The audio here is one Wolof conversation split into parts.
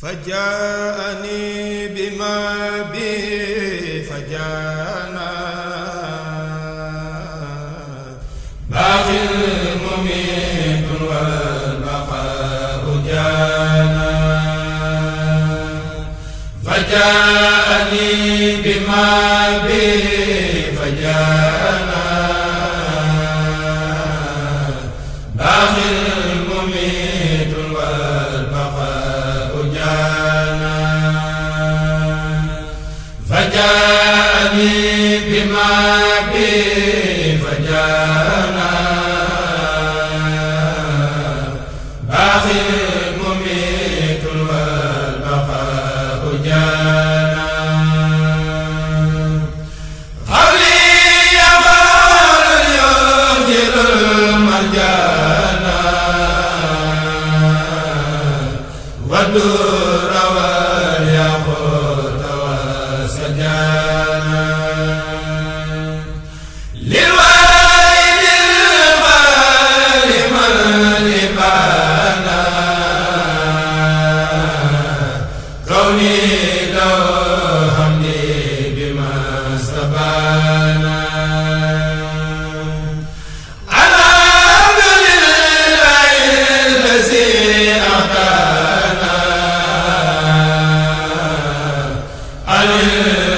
فجاءني بما به فجانا باقي المميت والبقاء جانا فجاءني بما به yaa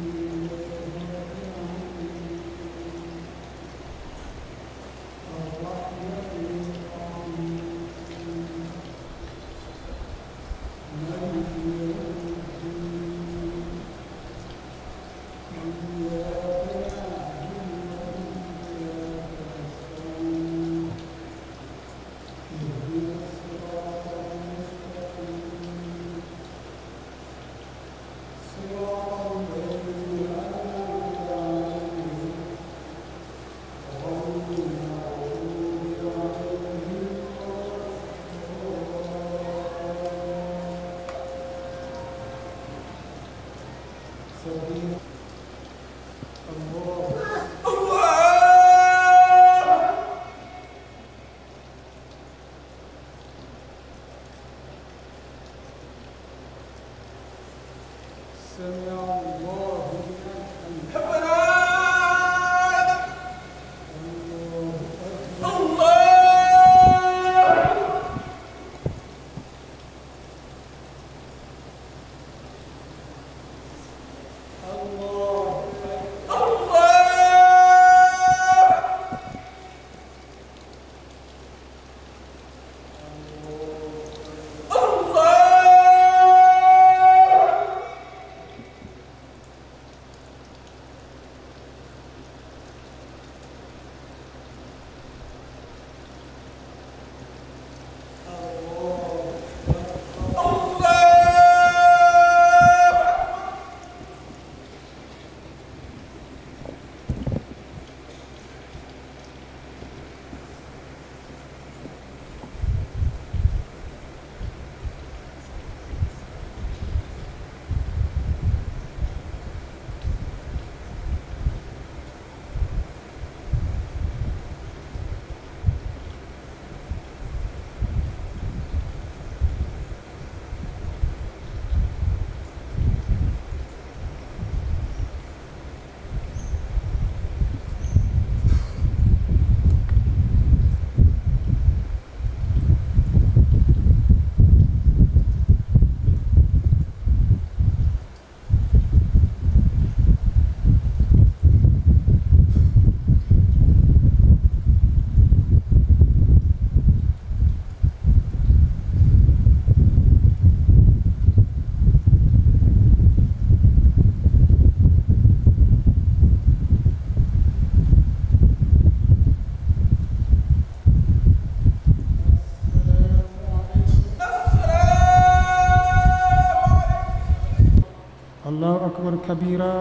كبيرا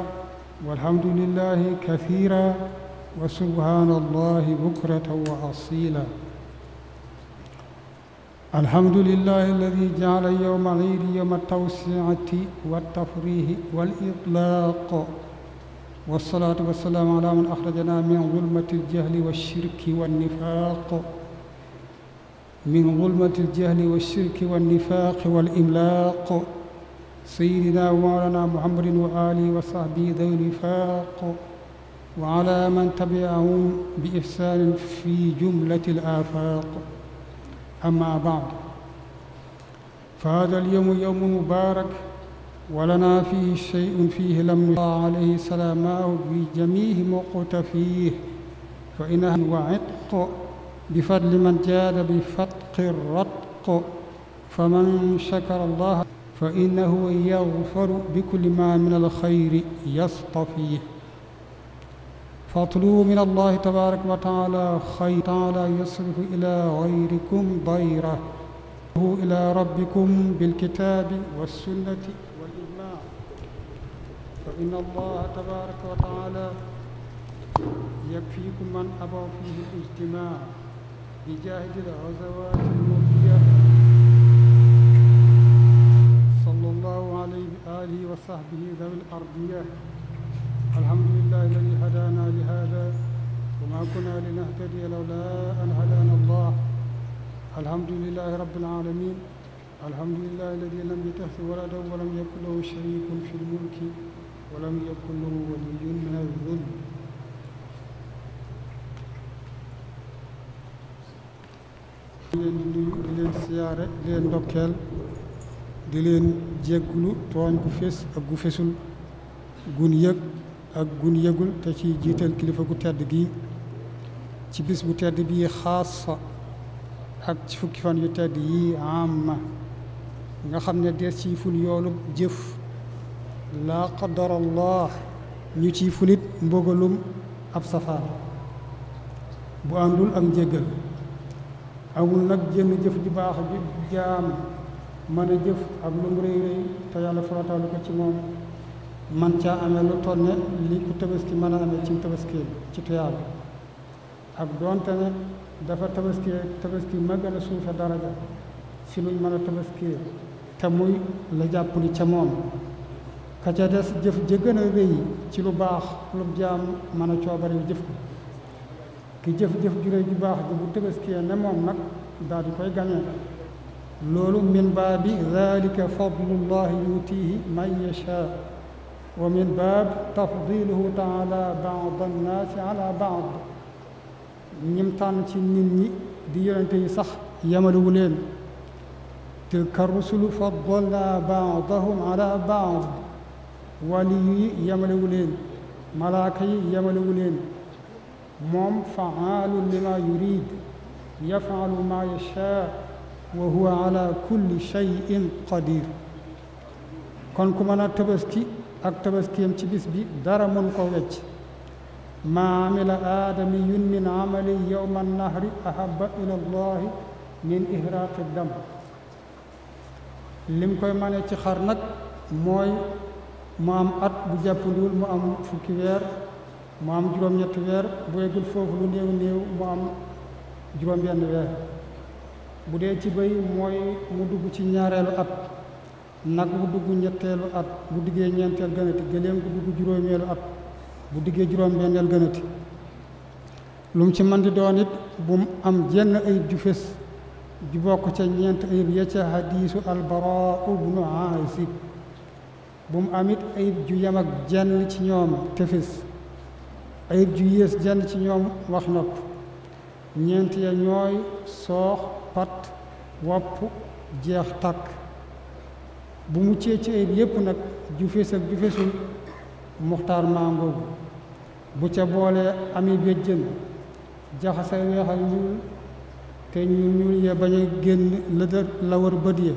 والحمد لله كثيرا وسبحان الله بكرة وأصيلا الحمد لله الذي جعل يوم العيد يوم التوسعة والتفريح والإطلاق والصلاة والسلام على من أخرجنا من ظلمة الجهل والشرك والنفاق من ظلمة الجهل والشرك والنفاق والإملاق سيدنا ومولانا محمد وآله وصحبه ذوي الوفاق وعلى من تبعهم بإحسان في جملة الآفاق أما بعد فهذا اليوم يوم مبارك ولنا فيه شيء فيه لم يطاع عليه سلاماه بجميع مقتفيه فإنها وعتق بفضل من جاد بفتق الرتق فمن شكر الله فإنه يغفر بكل ما من الخير يصطفيه فاطلبوا من الله تبارك وتعالى خير تعالى يصرف إلى غيركم ضيره إلى ربكم بالكتاب والسنة والإجماع فإن الله تبارك وتعالى يكفيكم من أبى فيه الاجتماع بجاهد الغزوات المؤذية آله وصحبه ذوي الأرضية الحمد لله الذي هدانا لهذا وما كنا لنهتدي لولا أن هدانا الله الحمد لله رب العالمين الحمد لله الذي لم يتخذ ولدا ولم يكن له شريك في الملك ولم يكن له ولي من الذل di leen di nuyu di leen siyaare di leen ndokkeel di leen jéggulu tooñ gu fés ak gu fésul gun yëg ak gun yëgul te ci jiital kilifa gu tedd gi ci bis bu tedd bii xaasa ak ci fukki fan yu tedd yii amma nga xam ne des ci ful yoolub jëf laa qadarallah ñu ci fulit mbogalum ab safaan bu àndul ak njéggal amul nag jënn jëf ju baax ju jaam mën a jëf ak lu mu rëy rëy te yàlla farataal ko ci moom man ca amee lu toll ne li ku tabaski mën a amee ci tabaski ci tuyaaba ak doonte ne dafa tabaski tabaski ma gën a suufe daraja si lu mën a tabaski te muy la jàppuli ca moom ka ca des jëf ja gën a ci lu baax lu jaam mën a coobare jëf ko ki jëf-jëf ju rëy ju baax ji bu tabaski ne moom nag daal di koy gañee loolu min baabi dalika fadlullahi yutihi man yasha wa min baab tafdiluhu taala baad annaasi ala baad ñim tànn ci nit ñi di yonente yi sax yamalewu leen tilka rusulu faddalna baadahum ala baad waliyu yi yamalewu leen malaaka yi yamalewu leen moom faalu lima yurid yafalu ma yasha wa huwa ala kulli shay'in qadir kon ku mën a tabaski ak tabaskiyam ci bis bi dara mun ko wecc ma amila aadamiyun min amali yowma nahri ahaba ila min ihraqi dam lim koy mane ci xar nag mooy mu am at bu jàppandiwul mu am fukki weer mu am juróom-ñetti weer bu eggul foofu lu néew néew mu am juróom-benn weer bu dee ci bëy mooy mu dugg ci ñaareelu at nag bu dugg ñetteelu at bu diggee ñeenteel gënati gëléem bu dugg juróomeelu at bu diggee juróom benneel gënati lu mu ci man di doon it bu mu am jenn ayib ju fés ju bokk ca ñeent ayib ya ca hadiisu albara ubnu aasib bu mu am it ayib ju yem jenn ci ñoom te fés ayib ju yées jenn ci ñoom wax nopp ñeent ya ñooy soox pat wàpp jeex tàkk bu muccee ci ayib yépp nag ju fees ak ju feesul muxtaar mangoogu bu ca boolee ami béjjën jaxase weex ak ñuul te ñuul ñuul ya bañ a génn lëdër la bët ya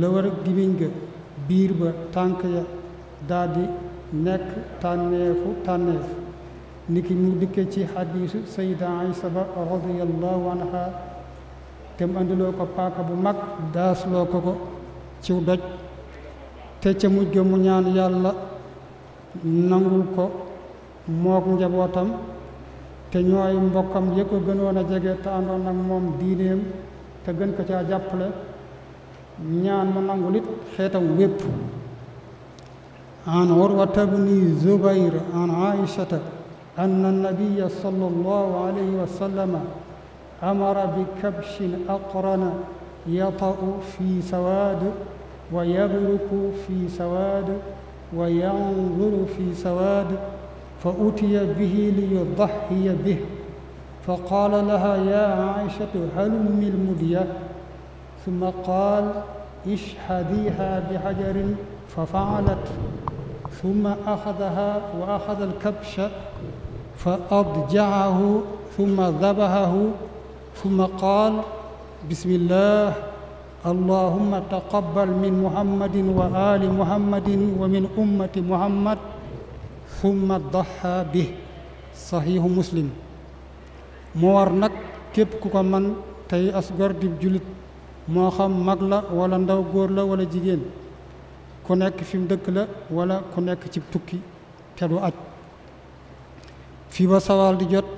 la war ga biir ba tànk ya daldi nekk tànneefu tànneef niki mu dikke ci xadiisu sayida aysa ba radiyallahu anha te andiloo ko paaka bu mag daasloo ko ko ciw doj te ca mujj mu ñaan yàlla nangul ko mook njabootam te ñooy mbokkam yë ko gënoon a jege te àndoon nag moom diineem te gën ko caa jàppale ñaan mu nangul it xeetam wépp an urwata bni zubayr an aishata anna nabiya sallallahu alayhi wa أمر بكبش أقرن يطأ في سواد ويبلك في سواد وينظر في سواد فأتي به ليضحي به فقال لها يا عائشة هلم المذية ثم قال اشحذيها بحجر ففعلت ثم أخذها وأخذ الكبش فأضجعه ثم ذبحه ثم قال بسم الله اللهم تقبل من محمد وآل محمد ومن أمة محمد ثم ضحى به صحيح مسلم mu war nag képp ku ko man tey as gor jullit moo xam mag la wala ndaw góor la wala jigéen ku nekk fi mu dëkk la walla ku nekk ci tukki te du aj fii ba sawaal di jot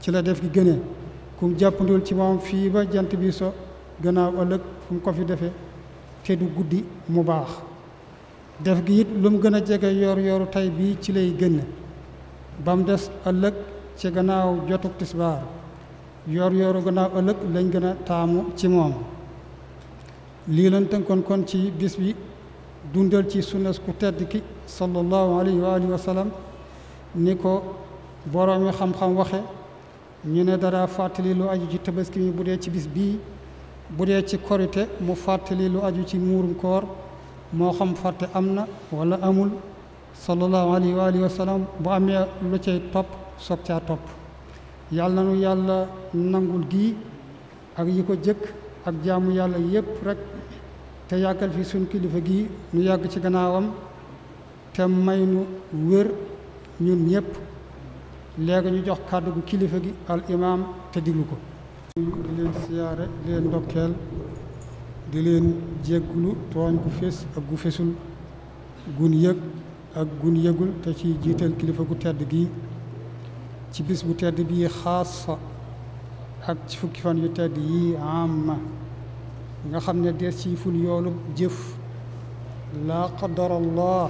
ci la def gi gënee ku mu ci moom fii ba jant bi so gannaaw ëllëg fu ko fi defee te du guddi mu baax def gi it lu gën a jege yor yooru tey bii ci lay génn bam des ëllëg ci gannaaw jotuk tisbaar yor yooru gannaaw ëllëg lañ gën a taamu ci moom lii lan tënkoon kon ci bis bi dundal ci sunnas ku tedd ki sallallahu alayhi wa alihi ni ko boroomi xam-xam waxe ñu ne dara fàttali lu aju ci tabaski mi bu dee ci bis bii bu dee ci korite mu fàttali lu aju ci muurum koor moo xam fàtte am na wala amul sallallahu alayhi wa alihi wa sallam bu amee lu cay topp soog caa topp yàlla nanu yàlla nangul gii ak yi ko jëkk ak jaamu yàlla yépp rek te yàggal fi suñ kilifa gii nu yàgg ci gannaawam te may nu wér ñun ñépp léegi ñu jox kàddu kilifa gi al imaam te diglu ko di leen siyaare di leen ndokkeel di leen jéggulu tooñ gu fés ak gu fésul gun yëg ak gun yëgul te ci jiital kilifa gu tedd gi ci bis bu tedd bii xaasa ak ci fukki fan yu tedd yi amma nga xam ne des ci ful yoolub jëf laa qadarallah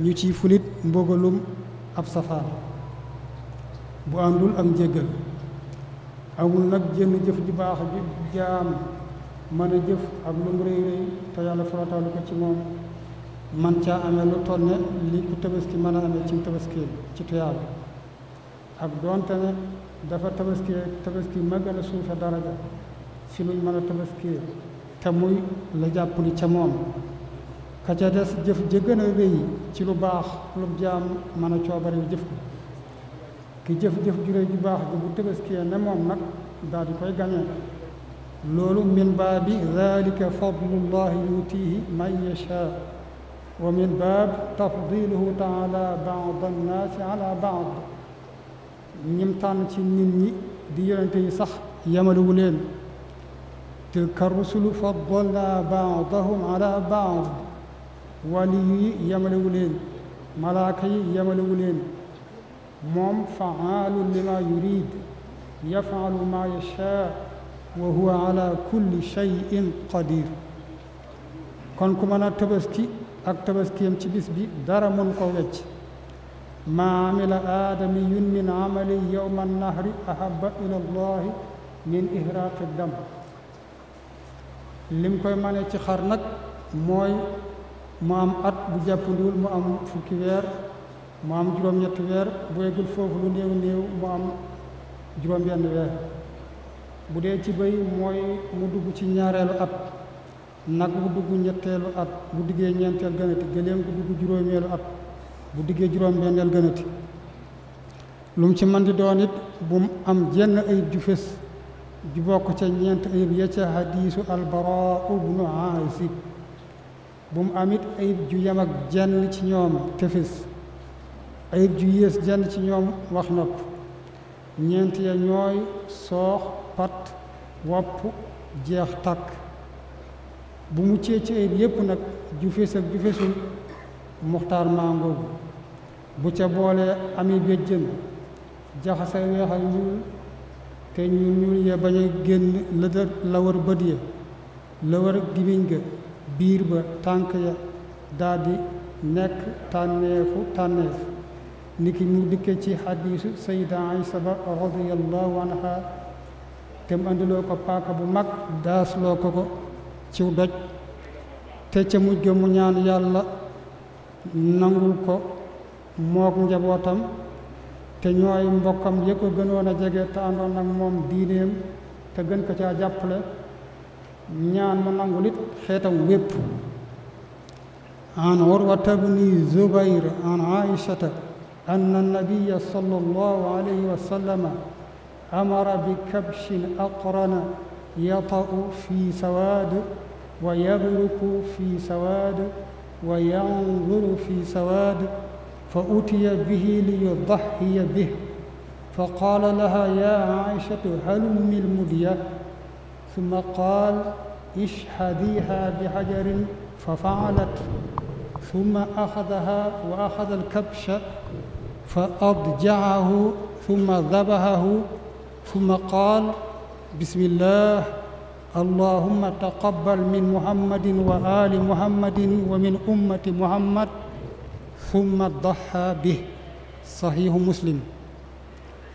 ñu ci fulit mbogalum ab safar bu àndul ak njéggal amul nag jënn jëf ju baax ju jaam mën a jëf ak lu mu réy réy te yàlla farataalu ko ci moom man caa amee lu toll li ku tabaski mën a amee ci tabaski ci tuyaab ak doonte ne dafa tabaski tabaski ma gën a suufe daraja si luñ mën a tabaski te muy la jàppali ca moom ka ca des jëf ja gën a ci lu baax lu jaam mën a coobare jëf ko ki jëf-jëf juré ju baax ji bu tëbëskee ne moom nag daal di koy gañee loolu min baabi dalika fadlullahi yutihi man yasha wa min baab tafdiluhu taala baad annaasi ala baad ñim tànn ci nit ñi di yonente sax yamalewu leen tilka rusulu faddalna baadahum ala baad wali yi yamalewu leen moom faalun lima yurid yafalu ma yasha wa huwa ala kulli cheyin qadir kon ku mën a tabaski ak tabaskiyam ci bis bi dara mun ko wecc ma amila aadamiyun min amali yowma annahri ahaba ila allahi min ihraqi dam lim koy mane ci xar mooy mu am at bu jàppandiwul mu am fukki weer mu am juróom-ñetti weer bu eggul foofu lu néew néew mu am juróom-benn weer bu dee ci bëy mooy mu dugg ci ñaareelu at nag bu dugg ñetteelu at bu diggee ñeenteel gënati gëléem bu dugg juróomeelu at bu diggee juróom-benneel gënati lu mu ci man di doon it bu mu am jenn ayib ju fés ju bokk ca ñeent ayib ya ca hadiisu albara ibnu aasib bu mu amit ayib ju yem jenn ci ñoom te fés ayib ju yées jenn ci ñoom wax nopp ñeent ya ñooy soox pat wopp jeex tàkk bu muccee ci ayib yépp nag ju fés ak ju fésul muxtaar mangoogu bu ca boolee ami béjjën jaxase weex ak ñuul te ñuul ñuul ya bañ a génn lëdër la bët ya la war ga biir ba tànk ya daldi nekk tànneefu tànneef niki mu dikkee ci xadiisu sayida aysa ba radiyallahu anha te mu andiloo ko paaka bu mag daasloo ko ko ciw doj te ca mujj mu ñaan yàlla nangul ko mook njabootam te ñooy mbokkam yë ko gënoon a jege te àndoon ak moom diineem te gën ko caa jàppale ñaan mu nangul it xeetam wépp an urwata bni zubayr an aishata أن النبي صلى الله عليه وسلم أمر بكبش أقرن يطأ في سواد ويبلك في سواد وينظر في سواد فأتي به ليضحي به فقال لها يا عائشة هلم المدية ثم قال اشحذيها بحجر ففعلت ثم أخذها وأخذ الكبش fa adjaahu summa dabahahu summa qaal bismillah allahumma taqabbal min muhammadin wa ali muhammadin wa min ummati muhammad summa daxa bi saxiixu muslim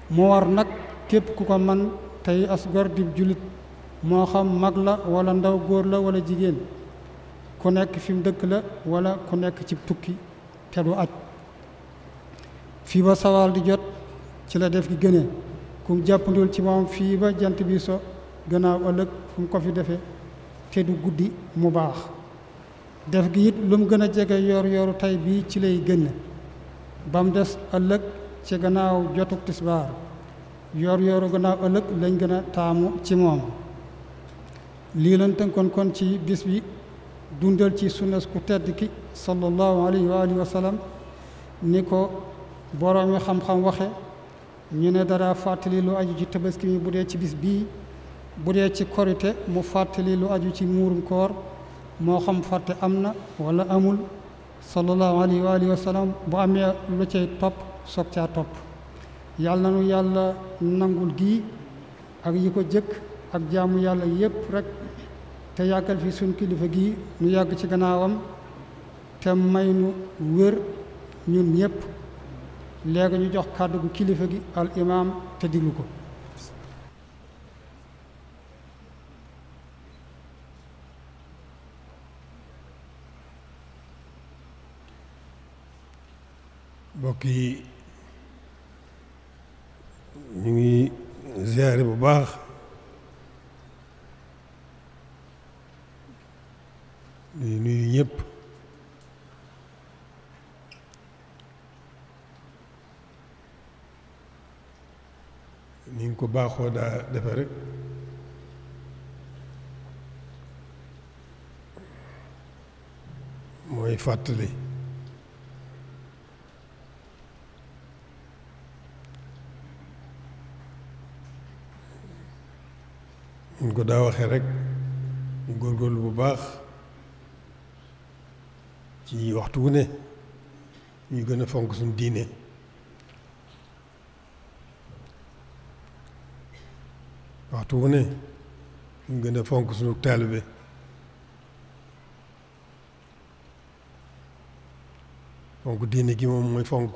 mu war nag képp ku ko man tey as gor di moo xam mag la wala ndaw góor la wala jigéen ku nekk fi mu dëkk la wala ku nekk ci tukki te du aj fii ba sawaal di jot ci la def gi gënee kum jàppandul ci moom fii ba jant bi so gannaaw ëllëg fu ko fi defee te du guddi mu baax def gi it lu gën a jege yor yooru tey bii ci lay génn ba des ëllëg ci gannaaw jotuk tisbaar yoor yooru gannaaw ëllëg lañ gën a taamu ci moom lii lan tënkoon kon ci bis bi dundal ci sunnas ku tedd ki sallallahu alayhi wa alihi wa sallam ni ko boroom yi xam-xam waxe ñu ne dara fàttali lu aju ci tabaski mi bu dee ci bis bii bu dee ci korite mu fàttali lu aju ci muurum koor moo xam fàtte am na wala amul sallallahu alayhi wa alihi wa sallam amee lu cay topp soog caa topp yàlla nanu yàlla nangul gii ak yi ko jëkk ak jaamu yàlla yépp rekk te yàggal fi suñ kilifa gii nu yàgg ci gannaawam te may nu wér ñun ñépp léegi ñu jox kàddu kilifa gi al imaam te diglu ko mbokk yi ñu ngi ziare bu baax di nuyu ñëpp ni ngi ko baaxoo daa defe rek mooy fàttali ñu ko daa waxee rek ñu góorgóorlu bu baax ci waxtu wu ne ñu gën a fonk suñu diine waxtu wu ne ñu gën a fonk suñu taalibe fonk diine gi moom mooy fonk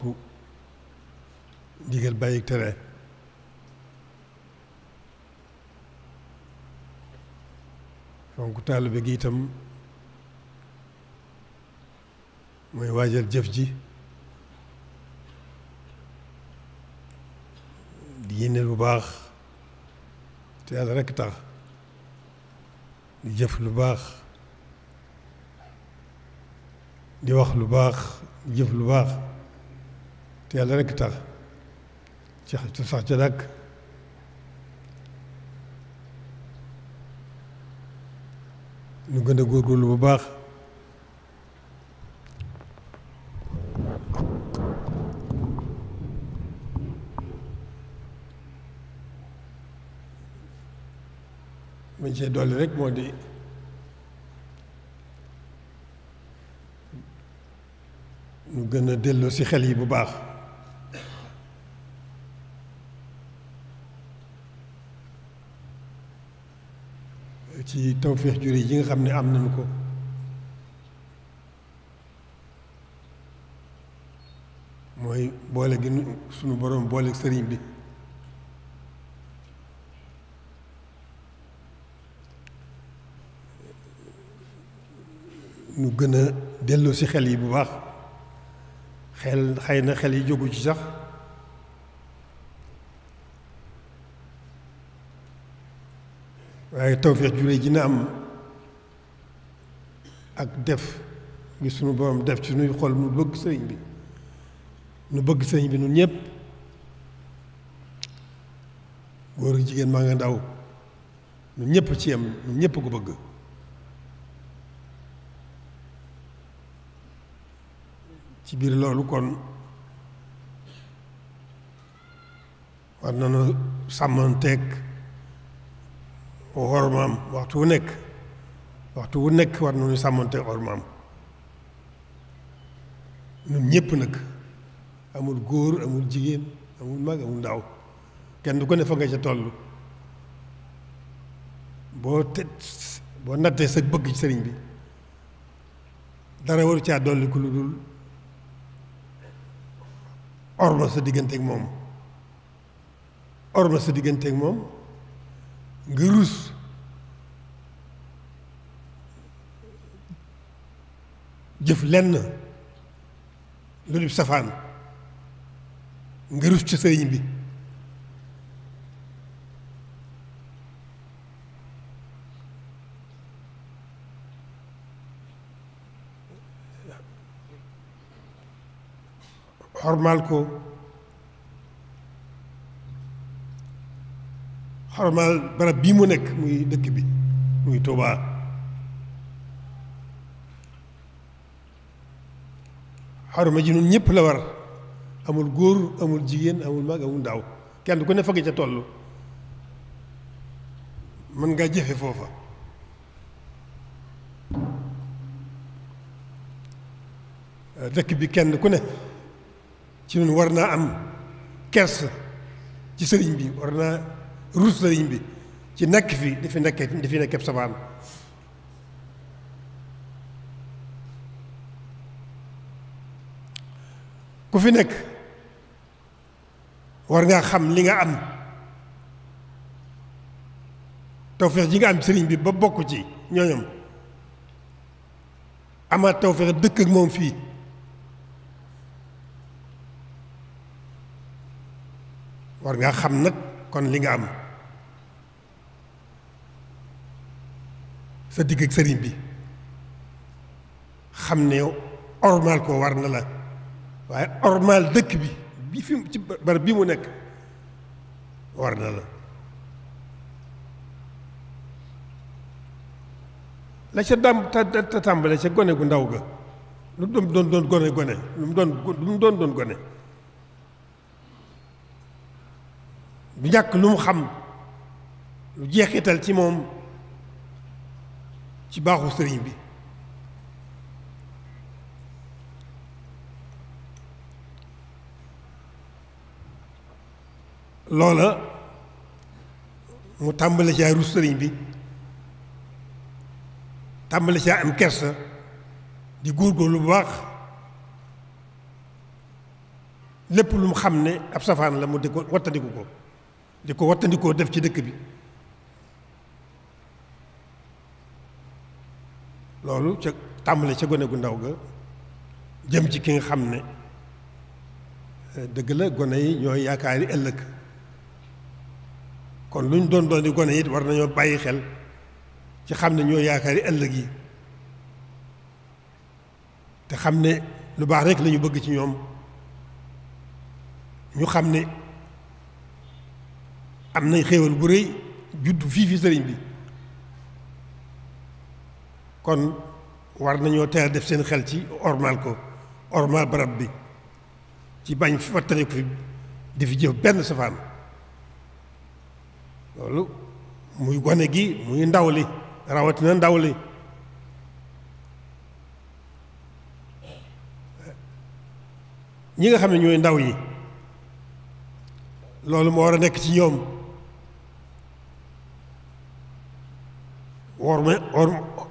digal bàyyi tere fonk taalibe gi itam mooy waajal jëf ji di yéene bu baax te yàlla rekk tax di jëf lu baax di wax lu baax jëf lu baax te yàlla rekk tax ci te sax ca dàkk ñu gën a bu baax lañ see dolli rek moo di mu gën a delloo ci xel yi bu baax ci tawféex juri yi nga xam ne am nañu ko mooy boole gi sunu boroom boole sëriñ bi ñu gën a dellu si xel yi bu baax xel xëy na xel yi jógu ci sax waaye tawféex jure ji na am ak def gi suñu borom def ci suñuy xol nu bëgg sëriñ bi nu bëgg sëriñ bi nun ñëpp góor ak jigéen maa nga ndaw nu ñëpp ci yem nu ñëpp ko bëgg ci biir loolu kon war nañu sàmmanteeg wormaam waxtu wu nekk waxtu wu nekk war nañu sàmmanteeg wormaam ñun ñépp nag amul góor amul jigéen amul mag amul ndaw kenn du ko ne fa nga ca toll boo te boo nattee sa bëgg ci sëriñ bi dara waru caa dolli ku lu dul or na sa digganteek moom or na sa digganteek moom nga rus jëf lenn lu dul safaan nga rus ci sëriñ bi xormaal ko xormaal barab bii mu nekk muy dëkk bi muy Tuubaa xorma ji nun ñëpp la war amul góor amul jigéen amul mag amul ndaw kenn ku ne fa ca toll mën ngaa jëfe foofa dëkk bi kenn ku ne ci noonu war naa am kersa ci sëriñ bi war naa ruus sëriñ bi ci nekk fi dafi nekk dafi nekkeb sabaan ku fi nekk war ngaa xam li nga am tawfeex ji nga am sëriñ bi ba bokk ci ñooñam amaat tawfeex dëkk ak moom fii war ngaa xam nag kon li nga am sa digg ak sëriñ bi xam ne ormal ko war na la waaye ormal dëkk bi bi fi ci barab bi mu nekk war na la la ca dam ta tàmbale ca gone gu ndaw ga lu doon doon gone gone lu mu doon lu mu doon doon gone du jàkk lu mu xam lu jeexital ci moom ci baaxu sëriñ bi loola mu tàmbali caa rus sëriñ bi tàmbali caa am kersa di góorgóorlu bu baax lépp lu mu xam ne ab safaan la mu di ko wattandiku ko di ko wattandikoo def ci dëkk bi loolu ca tàmbale ca gone gu ndaw ga jëm ci ki xam ne eh, dëgg la gone yi ñooy yaakaari ëllëg kon lu ñu doon doon di gone it war nañoo bàyyi xel ci xam ne ñooy yaakaari ëllëg yi te xam ne lu baax rek lañu bëgg ci ñoom ñu xam ne am nañ xéewal bu rëy judd fii fi sëriñ bi kon war nañoo teel def seen xel ci ormal ko ormal barab bi ci bañ wattale ko fi di fi jëf benn safaan loolu muy gone gi muy ndaw li rawatina ndaw li ñi nga xam ne ñooy ndaw yi loolu moo war a nekk ci ñoom worma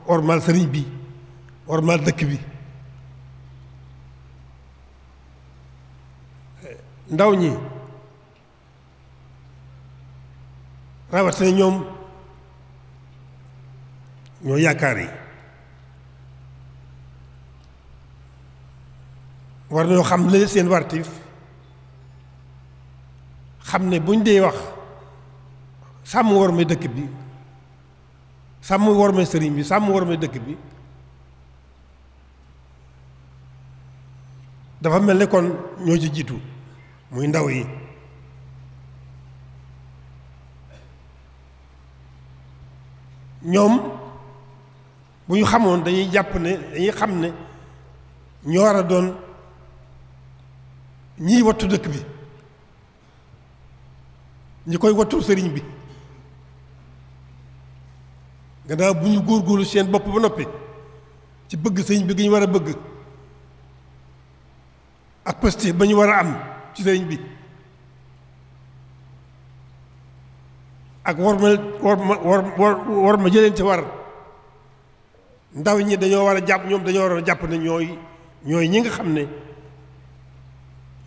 wormaal sëriñ bi wormaal dëkk bi ndaw ñi rawatina ñoom ñoo yaakaar yi war nañoo xam la seen wartif xam ne buñ dee wax sàmm worma dëkk bi sàmm wormee sëriñ bi sàmm wormee dëkk bi dafa mel ne kon ñoo ci jiitu muy ndaw yi ñoom bu ñu xamoon dañuy jàpp ne dañuy xam ne ñoo war a doon ñiy wattu dëkk bi ñi koy wattu sëriñ bi gannaaw bu ñu góorgóorlu seen bopp ba noppi ci bëgg sëriñ bi gi ñu war a bëgg ak pësté ba ñu war a am ci sëriñ bi ak war ma war ma war ma jëleen ci war ndaw ñi dañoo war a jàpp ñoom dañoo war a jàpp ne ñooy ñooy ñi nga xam ne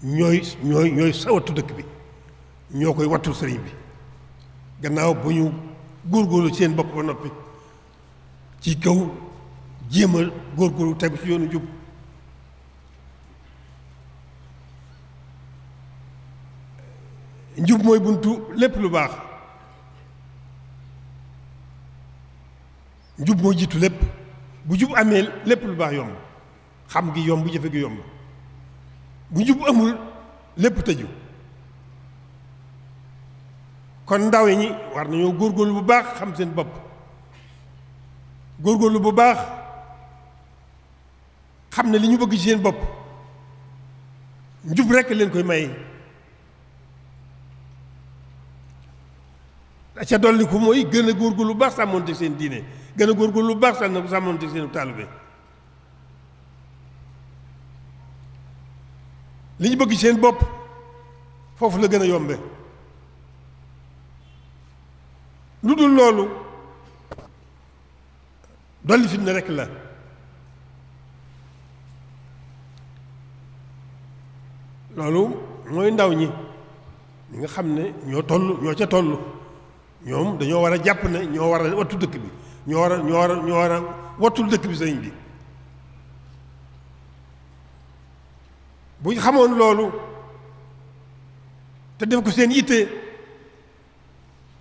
ñooy ñooy ñooy sawatu dëkk bi ñoo koy wattu sëriñ bi gannaaw bu ñu ci seen bopp ba noppi ci kaw jéem a góorgóorlu tegu ci yoonu jub njub mooy buntu lépp lu baax njub mooy jiitu lépp bu jub amee lépp lu baax yomb xam ngi yomb jëfe gi yomb bu njub amul lépp tëju kon ndaw yi ñi war nañoo góor góorgóorlu bu baax xam seen bopp góor góorlu bu baax xam ne li ñu bëgg ci seen bopp njub rekk leen koy may ca dolli ko mooy gën a góorgóorlu bu baax te seen diine gën a góorgóorlu bu baax te seen taalibe li ñu bëgg seen bopp foofu la gën a yombe lu dul loolu dolli fitna rek la loolu mooy ndaw ñi ñi nga xam ne ñoo toll ñoo ca toll ñoom dañoo war a jàpp ne ñoo war a wattu dëkk bi ñoo war a ñoo war a ñoo dëkk bi sëriñ bi bu ñu xamoon loolu te def ko seen yitte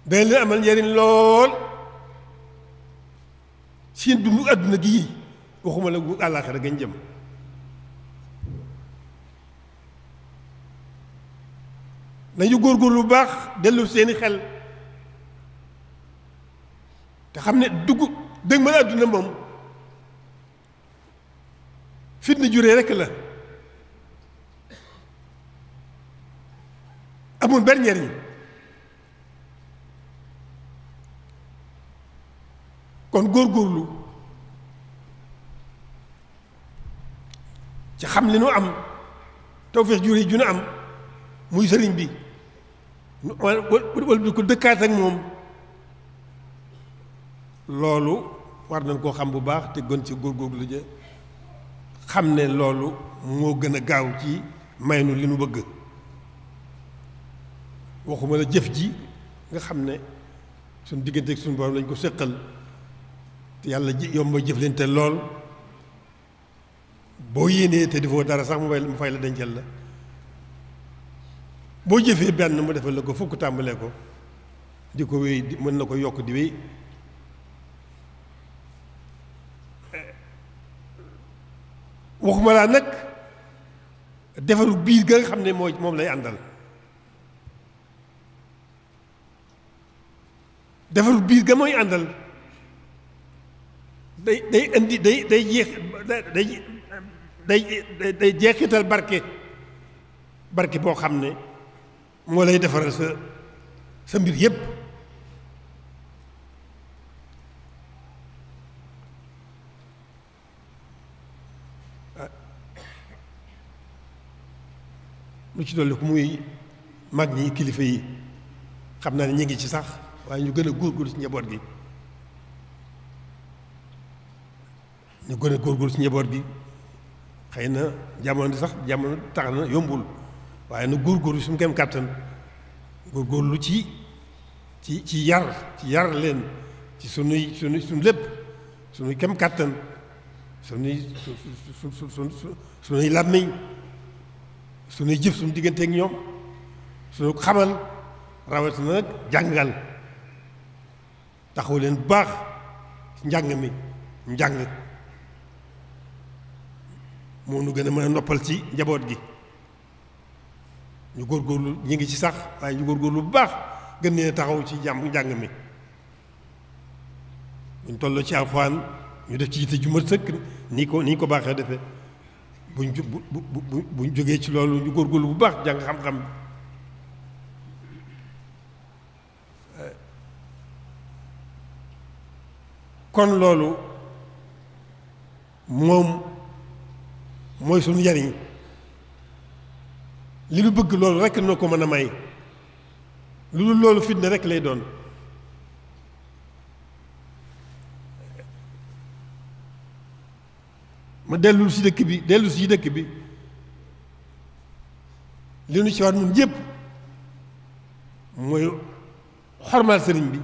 day leen amal njëriñ lool seen dundu gi gii waxuma la gu àllaaxira gañ jëm nañu góor lu baax dellu seeni xel te xam ne dugg dëgg ma àdduna moom fitna juree rekk la amul benn njariñ kon góor góorgóorlu ci xam li nu am tawfeex jure ju nu am muy sëriñ bi wala du ko dëkkaat ak moom loolu war nañ koo xam bu baax te gën ci góorgóorlu ja xam ne loolu moo gën a gaaw ci may nu li nu bëgg waxuma la jëf ji nga xam ne suñ diggante ak suñu borom lañ ko séqal yàlla yomb jëflante lool boo yéenee te defoo dara sax mu fay mu fay la dencal la boo jëfee benn mu defal la ko fukk tàmbalee ko di ko wéy mën na ko yokk di wéy waxuma laa nag defaru biir ga nga xam ne mooy moom lay àndal defaru biir ga mooy àndal day day indi day day jeex day day day jeexital barke barke boo xam ne moo lay defaral sa sa mbir yépp lu ci dolli ku muy mag ñi kilifa yi xam naa ne ñu ngi ci sax waaye ñu gën a góorgóorlu ci njaboot gi ñu gën a góorgóorlu ci njaboot gi xëy na jamono di sax jamono tax na yombul waaye na góorgóorlu suñu kem kàttan góor góorgóorlu ci ci ci yar ci yar leen ci sunuy sunu suñu lépp suñu kem kàttan sunuy su su su sunuy làmmiñ sunuy jëf suñu digganteek ñoom suñu xamal rawatina nag jàngal taxaw leen baax njàng mi njàng moo nu gën a mën a noppal ci njaboot gi ñu góor góorlu ñu ngi ci sax waaye ñu góorgóorlu bu baax gën leen taxaw ci jàmm njàng mi buñ tolloo ci alxuraan ñu def ci yitte ju mat sëkk nii ko nii ko baaxee defee buñ bu bu buñ jógee ci loolu ñu góorgóorlu bu baax jàng xam-xam kon loolu moom. mooy suñu njariñ li nu bëgg loolu rekk noo ko mën a may lu dul loolu fitna rekk lay doon ma dellu si dëkk bi dellu si dëkk bi li nu ci war ñun yépp mooy xormaal sëriñ bi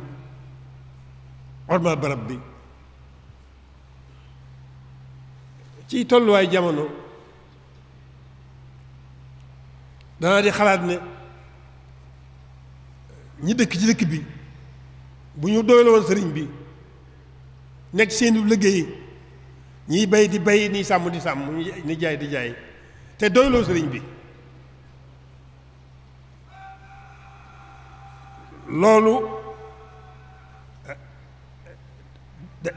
xormaal barab bi ci tolluwaay jamono dana di xalaat ne ñi dëkk ci dëkk bi bu ñu doyloo sëriñ bi nekk seenu liggéey ñi bay di bay ni sàmm di sàmm ni jaay di jaay te doyloo sëriñ bi loolu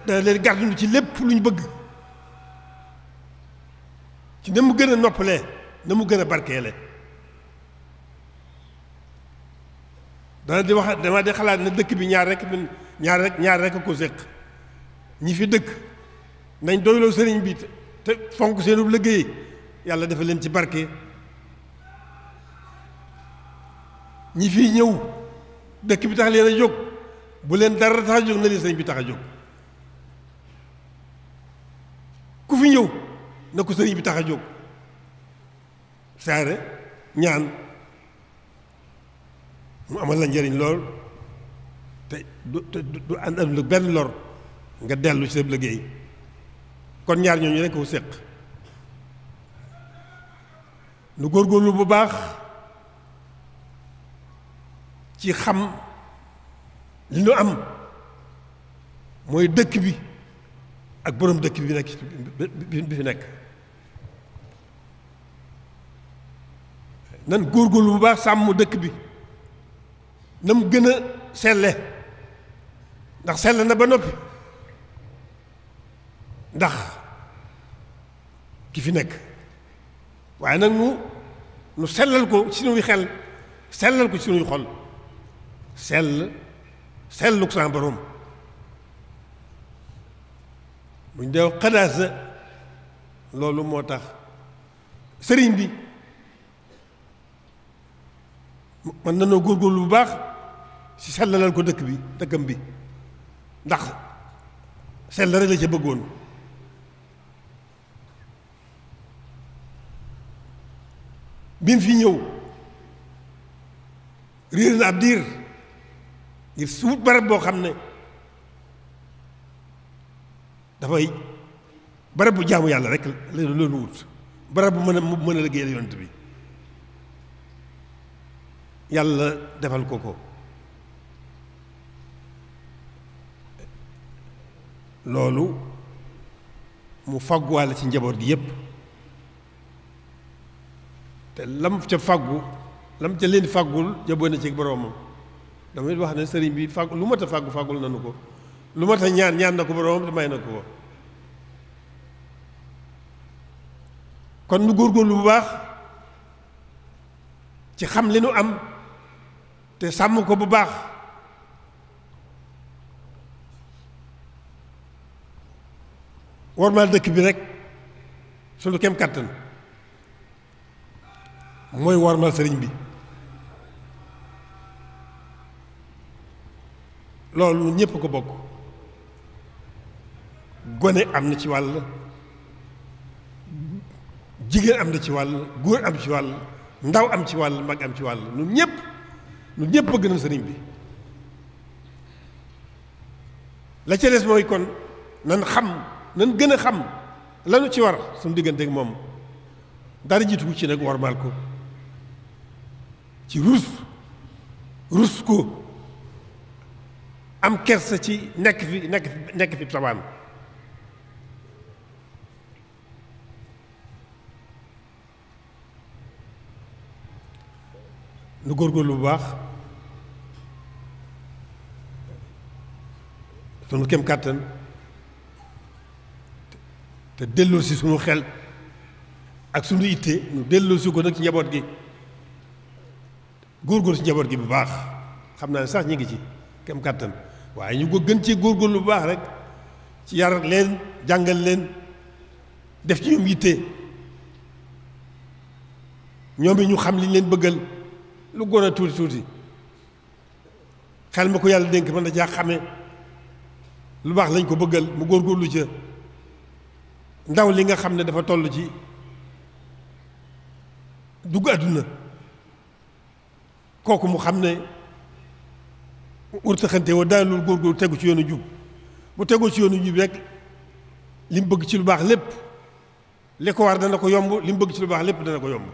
da leen gàttandu ci lépp lu ñu bëgg ci na gën a noppalee na mu gën a barkeele dana di wax dama di xalaat na dëkk bi ñaar rek ñaar rek ñaar ko séq ñi fi dëkk nañ doyloo sëriñ bi te fonk seenub liggéey yàlla dafa leen ci barke ñi fi ñëw dëkk bi tax leen a jóg bu leen dara tax a jóg na sëriñ bi tax a jóg ku fi ñëw na ku sëriñ bi tax a jóg saare ñaan mu amal na njariñ lool te du du ànd ak lu benn lor nga dellu ci sa liggéey kon ñaar ñooñu rekk ko séq nu góorgóorlu bu baax ci xam li nu am mooy dëkk bi ak boroom dëkk bi nekk bi fi nekk nan góorgóorlu bu baax sàmm dëkk bi na mu gën a selle ndax sell na ba noppi ndax ki fi nekk waaye nag nu nu sellal ko si suñuy xel sellal ko ci suñuy xol sell sellu ko sa borom buñ dee loolu moo tax sëriñ bi mën na noo góorgóorlu bu baax si sellalal ko dëkk bi dëkkam bi ndax sell rek la si bëggoon bi fi ñëw réer na ab diir ngir suuf barab boo xam ne dafay barab bu jaamu yàlla rek la loolu wut barab bu mën a mën a liggéeyal yont bi yàlla defal ko ko loolu mu fag fagguwaale ci njaboot gi yépp te lam ca faggu lam ca leen faggul jaboo na ci boroomam damay wax ne sëriñ bi fàgg lu mat a fàggu fàggul nanu ko lu mat a ñaan ñaan na ko boroomam te may na ko kon nu góorgóorlu bu baax ci xam li nu am te sàmm ko bu baax warmaal dëkk bi rek suñu kem kàttan mooy warmaal sëriñ bi loolu ñépp ko bokk gone am na ci wàll jigéen am na ci wàll góor am ci wàll ndaw am ci wàll mag am ci wàll ñun ñépp ñun ñépp bëgg nañ sëriñ bi la ca mooy kon nan xam nan gën a xam lanu ci war suñu digganteeg moom dara jiitu ci nag warmaal ko ci rus rus ko am kersa ci nekk fi nekk nekk fi tabaan nu góorgóorlu bu baax sunu kem kàttan te delloo si suñu xel ak suñu ittee ñu delloo ko nag ci njaboot gi góorgóor ci njaboot gi bu baax xam naa ni sax ñu ngi ci kem kàttan waaye ñu ko gën góor góor lu baax rek ci yar leen jàngal leen def ci ñoom yitte ñoom it ñu xam liñ leen bëggal lu gën a tuuti tuuti xel ma ko yàlla dénk mën na jaa xame lu baax lañ ko bëggal mu góorgóorlu ca ndaw li nga xam ne dafa tollu ci dugg àdduna kooku mu xam ne urtaxante wa daal loolu góorgóor tegu ci yoonu jub bu tegoo ci yoonu jub rek li mu bëgg ci lu baax lépp li ko war dana ko yomb li mu bëgg ci lu baax lépp dana ko yomb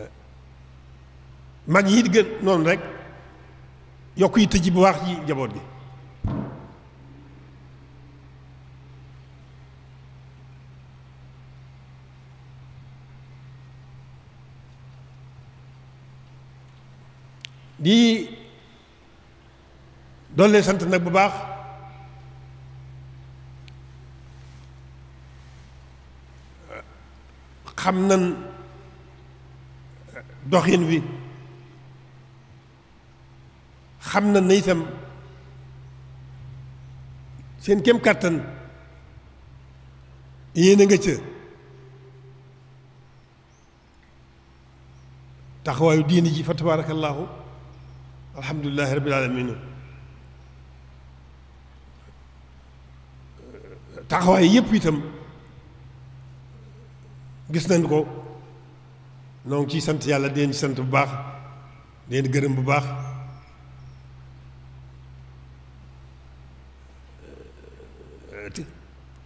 eh. mag yi gën noonu rek yokk yi tëj bu baax ci njaboot gi di doon lee sant nag bu baax xam nan doxin wi xam na ne itam seen kem kàttan yéen a nga ca taxawaayu diini ji fa tabaarakallaahu alhamdulilahi rabbil alamin taxawaay yépp itam gis nañ ko noo ngi sant yàlla deen ci sant bu baax deen gërëm bu baax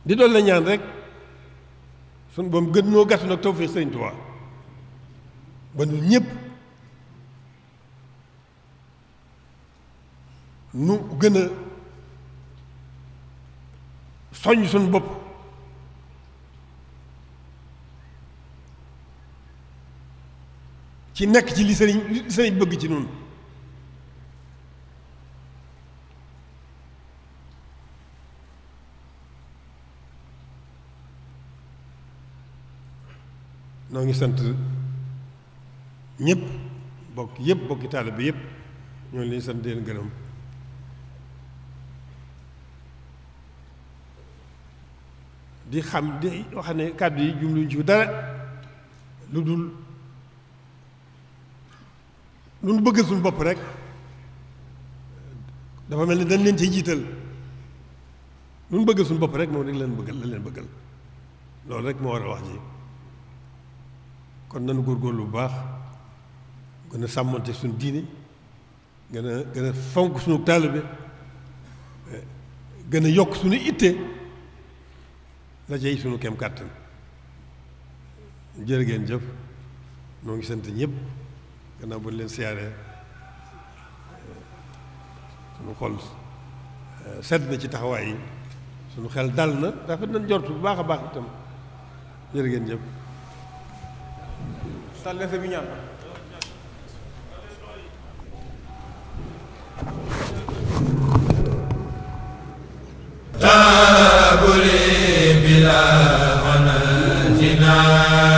di doon la ñaan rek sunu boom gën noo gàttu nag tawfeex sëriñ Tuubaa ba nun ñëpp nu gën a soññ suñ bopp ci nekk ci li sëriñ li sëriñ bëgg ci noonu noo ngi sant ñëpp bokk yëpp bokki taalibe bi yëpp ñoo ngi leen sant leen gërëm di xam di wax ne kàddu yi jumluñ ci dara lu dul lu nu bëggal suñu bopp rek dafa mel ni dañ leen ci jiital lu nu bëggal suñu bopp rek moom dañ leen bëggal la leen bëggal loolu rek moo war a wax ji kon nanu góorgóorlu bu baax gën a sàmmante suñu diine gën a gën a fonk suñu taalibe gën a yokk suñu itte la cay suñu kem kàttan jërë ngeen jëf noo ngi sant ñëpp gannaaw bu leen siyaaree suñu xol sedd na ci taxawaay yi suñu xel dal na rafet nañ jortu bu baax a baax itam jërë ngeen jëf sàlleen sa bi ñaan taabuli bila xanaatina